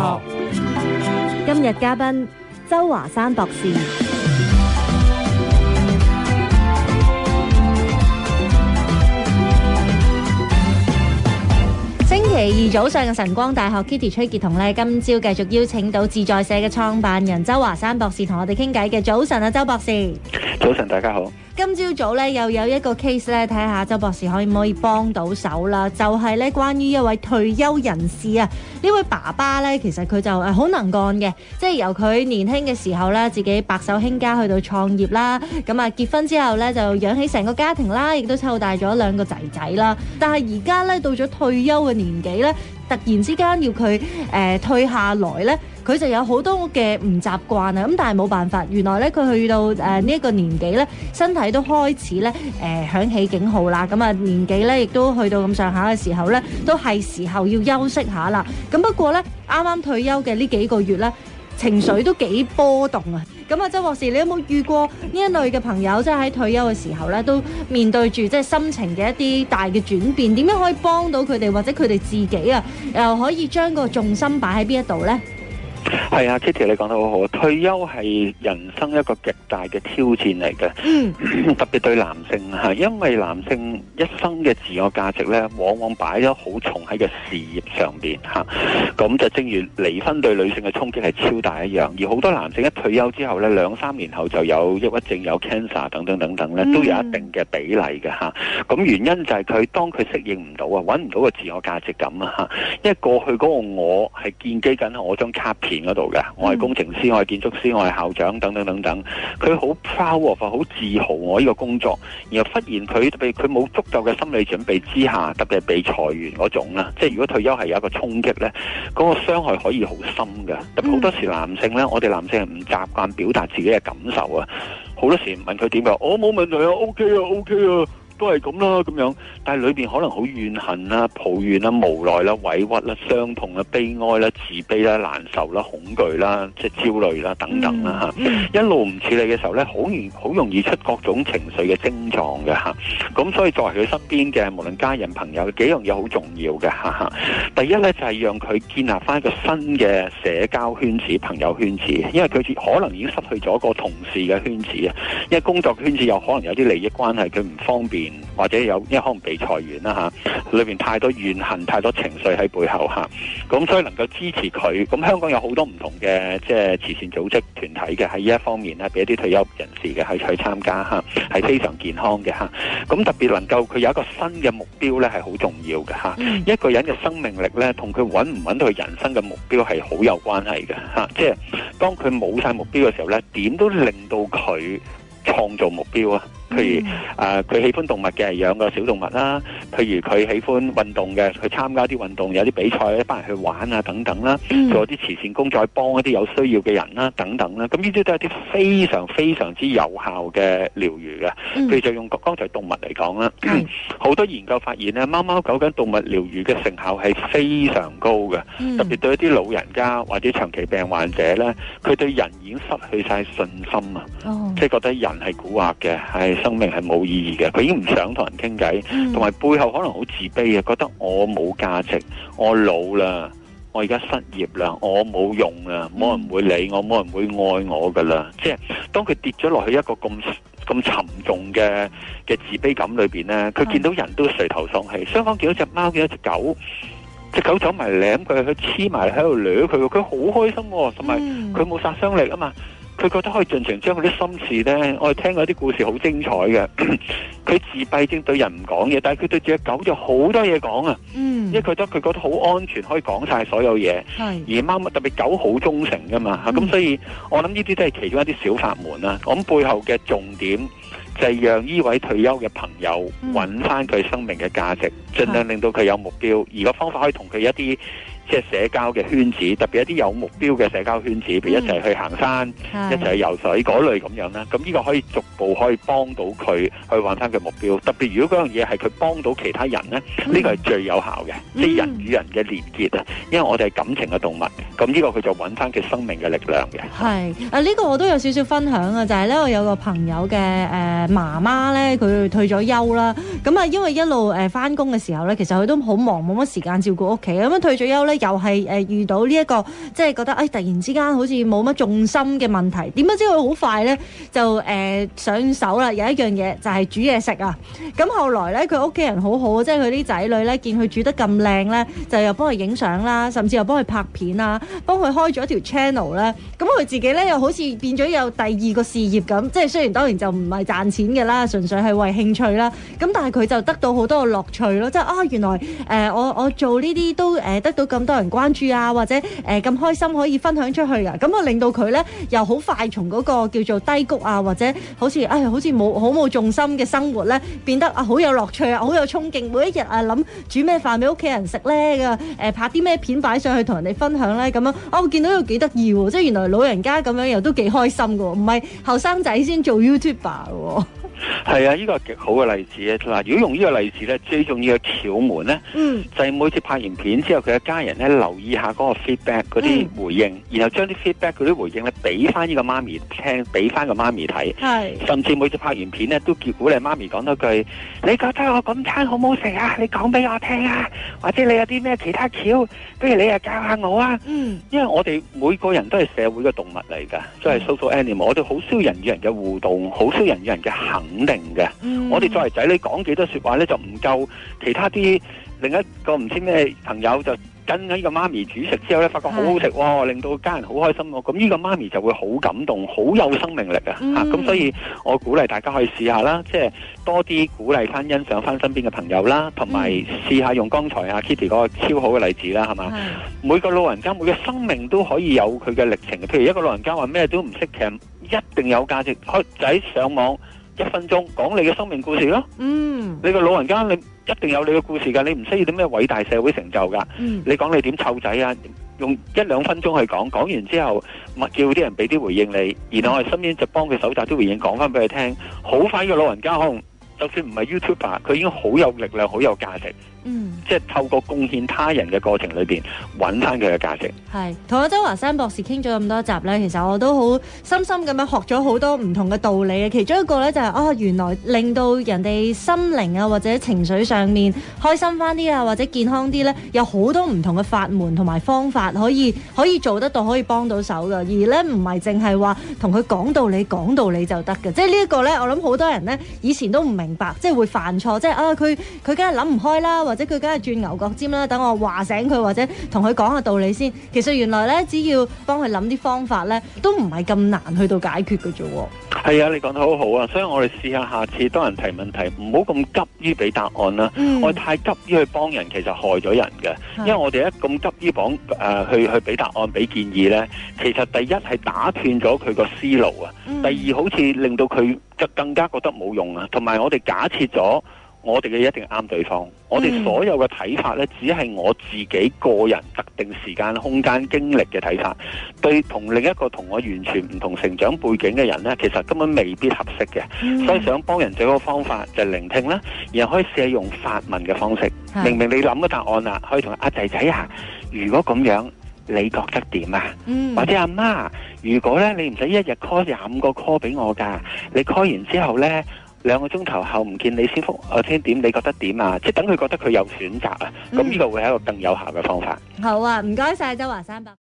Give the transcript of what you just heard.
今日嘉賓周華山博士。星期二早上嘅晨光大學，Kitty 崔潔彤呢，今朝繼續邀請到自在社嘅創辦人周華山博士同我哋傾偈嘅。早晨啊，周博士。早晨，大家好。今朝早咧，又有一個 case 咧，睇下周博士可唔可以幫到手啦？就係咧，關於一位退休人士啊，呢位爸爸咧，其實佢就誒好能幹嘅，即係由佢年輕嘅時候咧，自己白手興家去到創業啦，咁啊結婚之後咧，就養起成個家庭啦，亦都湊大咗兩個仔仔啦，但係而家咧到咗退休嘅年紀咧，突然之間要佢誒、呃、退下來咧。佢就有好多嘅唔習慣啊，咁但係冇辦法。原來咧，佢去到呢一個年紀咧，身體都開始咧誒、呃、響起警號啦。咁啊，年紀咧亦都去到咁上下嘅時候咧，都係時候要休息下啦。咁不過咧，啱啱退休嘅呢幾個月咧，情緒都幾波動啊。咁啊，周博士，你有冇遇過呢一類嘅朋友，即係喺退休嘅時候咧，都面對住即係心情嘅一啲大嘅轉變，點樣可以幫到佢哋或者佢哋自己啊？又可以將個重心擺喺邊一度咧？係啊，Kitty，你講得好好。退休係人生一個極大嘅挑戰嚟嘅，嗯，特別對男性吓，因為男性一生嘅自我價值呢，往往擺咗好重喺個事業上邊吓。咁就正如離婚對女性嘅衝擊係超大一樣，而好多男性一退休之後呢，兩三年後就有抑鬱症、有 cancer 等等等等呢，都有一定嘅比例嘅吓。咁原因就係佢當佢適應唔到啊，搵唔到個自我價值感啊吓。因為過去嗰個我係建基緊喺我張卡片做嘅，我係工程師，我係建築師，我係校長等等等等，佢好 proud 或，好自豪我呢個工作，然後忽然佢被佢冇足夠嘅心理準備之下，特別係被裁員嗰種啦，即係如果退休係有一個衝擊咧，嗰個傷害可以好深嘅，特別好多時男性咧，我哋男性係唔習慣表達自己嘅感受啊，好多時問佢點嘅，我冇問題啊，OK 啊，OK 啊。OK 啊都係咁啦，咁樣，但係裏邊可能好怨恨啦、抱怨啦、無奈啦、委屈啦、傷痛啦、悲哀啦、自卑啦、難受啦、恐懼啦、即係焦慮啦等等啦吓，嗯、一路唔處理嘅時候呢，好好容易出各種情緒嘅症狀嘅吓，咁所以作為佢身邊嘅無論家人朋友幾樣嘢好重要嘅，第一呢，就係讓佢建立翻一個新嘅社交圈子、朋友圈子，因為佢可能已經失去咗一個同事嘅圈子啊，因為工作圈子有可能有啲利益關係，佢唔方便。或者有因為可能被裁員啦吓，裏面太多怨恨、太多情緒喺背後吓，咁所以能夠支持佢，咁香港有好多唔同嘅即係慈善組織團體嘅喺呢一方面咧，俾一啲退休人士嘅去去參加吓，係非常健康嘅吓。咁特別能夠佢有一個新嘅目標咧，係好重要嘅吓。嗯、一個人嘅生命力咧，同佢揾唔揾到人生嘅目標係好有關係嘅吓。即係當佢冇晒目標嘅時候咧，點都令到佢創造目標啊？譬如啊，佢、mm hmm. 呃、喜歡動物嘅，養個小動物啦；譬如佢喜歡運動嘅，去參加啲運動，有啲比賽，一班人去玩啊等等啦；mm hmm. 做啲慈善工作，幫一啲有需要嘅人啦、啊、等等啦。咁呢啲都係啲非常非常之有效嘅療愈嘅。譬、mm hmm. 如就用剛才動物嚟講啦，好、mm hmm. 多研究發現咧，貓貓狗狗動物療愈嘅成效係非常高嘅，mm hmm. 特別對於一啲老人家或者長期病患者咧，佢對人已經失去晒信心啊，即係、mm hmm. 覺得人係蠱惑嘅，係、哎。生命係冇意義嘅，佢已經唔想同人傾偈，同埋背後可能好自卑嘅，覺得我冇價值，我老啦，我而家失業啦，我冇用啦，冇人會理我，冇人會愛我噶啦。即係當佢跌咗落去一個咁咁沉重嘅嘅自卑感裏邊咧，佢見到人都垂頭喪氣，雙方見到隻貓見到隻狗，隻狗走埋舐佢，咁佢去黐埋喺度掠佢，佢好開心喎，同埋佢冇殺傷力啊嘛。佢覺得可以盡情將佢啲心事呢，我哋聽過啲故事好精彩嘅。佢 自閉症對人唔講嘢，但係佢對住隻狗就好多嘢講啊。嗯，因為佢覺得佢覺得好安全，可以講曬所有嘢。的而貓特別狗好忠誠噶嘛，咁、嗯、所以我諗呢啲都係其中一啲小法門啦、啊。咁背後嘅重點就係讓呢位退休嘅朋友揾翻佢生命嘅價值。盡量令到佢有目標，而個方法可以同佢一啲即係社交嘅圈子，特別一啲有目標嘅社交圈子，譬如一齊去行山，一齊去游水嗰類咁樣啦。咁呢個可以逐步可以幫到佢去揾翻佢目標。特別如果嗰樣嘢係佢幫到其他人咧，呢個係最有效嘅，即係人與人嘅連結啊。因為我哋係感情嘅動物，咁呢個佢就揾翻佢生命嘅力量嘅。係啊，呢個我都有少少分享啊，就係咧我有個朋友嘅誒媽媽咧，佢退咗休啦，咁啊因為一路誒翻工嘅時候咧，其實佢都好忙，冇乜時間照顧屋企。咁樣退咗休咧，又係誒、呃、遇到呢、這、一個，即係覺得誒突然之間好似冇乜重心嘅問題。點樣知佢好快咧就誒、呃、上手啦？有一樣嘢就係、是、煮嘢食啊。咁後來咧，佢屋企人好好，即係佢啲仔女咧見佢煮得咁靚咧，就又幫佢影相啦，甚至又幫佢拍片啦，幫佢開咗一條 channel 啦。咁佢自己咧又好似變咗有第二個事業咁，即係雖然當然就唔係賺錢嘅啦，純粹係為興趣啦。咁但係佢就得到好多嘅樂趣咯。即係啊，原來誒、呃，我我做呢啲都誒、呃、得到咁多人關注啊，或者誒咁、呃、開心可以分享出去噶。咁啊令到佢咧又好快從嗰個叫做低谷啊，或者好似好似冇好冇重心嘅生活咧，變得啊好有樂趣啊，好有衝勁，每一日啊諗煮咩飯俾屋企人食咧，誒拍啲咩片擺上去同人哋分享咧，咁樣啊、哦、我見到佢幾得意喎，即係原來老人家咁樣又都幾開心噶、啊，唔係後生仔先做 YouTuber、啊。係啊，呢、這個係極好嘅例子啊！嗱，如果用呢個例子咧，最重要嘅竅門咧，嗯、就係每次拍完片之後，佢嘅家人咧留意下嗰個 feedback 嗰啲回應，嗯、然後將啲 feedback 嗰啲回應咧俾翻呢個媽咪聽，俾翻個媽咪睇。係是，甚至每次拍完片咧，都叫鼓勵媽咪講多句：是你覺得我咁餐好唔好食啊？你講俾我聽啊！或者你有啲咩其他橋？不如你又教下我啊！嗯，因為我哋每個人都係社會嘅動物嚟噶，都、就、係、是、social animal，、嗯、我哋好少人與人嘅互動，好少人與人嘅肯定。嘅，嗯、我哋作為仔女講幾多說話呢，就唔夠，其他啲另一個唔知咩朋友就跟緊呢個媽咪煮食之後呢，發覺好好食、哦、是的 令到家人好開心喎、哦，咁呢個媽咪就會好感動，好有生命力啊，吓咁、嗯啊、所以我鼓勵大家可以試下啦，即、就、係、是、多啲鼓勵翻、欣賞翻身邊嘅朋友啦，同埋試下用剛才阿 Kitty 嗰個超好嘅例子啦，係嘛，每個老人家每個生命都可以有佢嘅歷程，譬如一個老人家話咩都唔識，其實一定有價值，開仔上網。一分鐘講你嘅生命故事咯，嗯，你個老人家你一定有你嘅故事噶，你唔需要啲咩偉大社會成就噶，嗯，你講你點湊仔啊，用一兩分鐘去講，講完之後咪叫啲人俾啲回應你，然後我哋身邊就幫佢搜集啲回應講翻俾佢聽，好快個老人家可能就算唔係 YouTuber，佢已經好有力量，好有價值。即係透過貢獻他人嘅過程裏邊，揾翻佢嘅價值。係同阿周華山博士傾咗咁多集呢，其實我都好深深咁樣學咗好多唔同嘅道理啊。其中一個呢，就是，就係啊，原來令到人哋心靈啊或者情緒上面開心翻啲啊，或者健康啲呢，有好多唔同嘅法門同埋方法可以可以做得到，可以幫到手噶。而呢，唔係淨係話同佢講道理講道理就得嘅，即係呢一個咧，我諗好多人呢，以前都唔明白，即係會犯錯，即係啊，佢佢梗係諗唔開啦，或者佢梗係轉牛角尖啦，等我話醒佢或者同佢講下道理先。其實原來呢，只要幫佢諗啲方法呢，都唔係咁難去到解決嘅啫。係啊，你講得好好啊！所以我哋試下下次多人提問題，唔好咁急於俾答案啦，啊。嗯、我太急於去幫人，其實害咗人嘅。的因為我哋一咁急於講、呃、去去俾答案、俾建議呢，其實第一係打斷咗佢個思路啊。嗯、第二好似令到佢就更加覺得冇用啊。同埋我哋假設咗。我哋嘅一定啱，對，對方，我哋所有嘅睇法呢，只係我自己個人特定時間空間經歷嘅睇法。對同另一個同我完全唔同成長背景嘅人呢，其實根本未必合適嘅。嗯、所以想幫人最好方法就係、是、聆聽啦，然後可以試用發問嘅方式。是明明你諗嘅答案啦，可以同阿仔仔啊弟弟，如果咁樣，你覺得點啊？嗯、或者阿媽，如果呢你唔使一日 call 廿五個 call 俾我㗎，你 call 完之後呢。」兩個鐘頭後唔見你先復，我先點你覺得點啊？即係等佢覺得佢有選擇啊，咁呢個會係一個更有效嘅方法。嗯。好啊，唔該晒，周華生博士。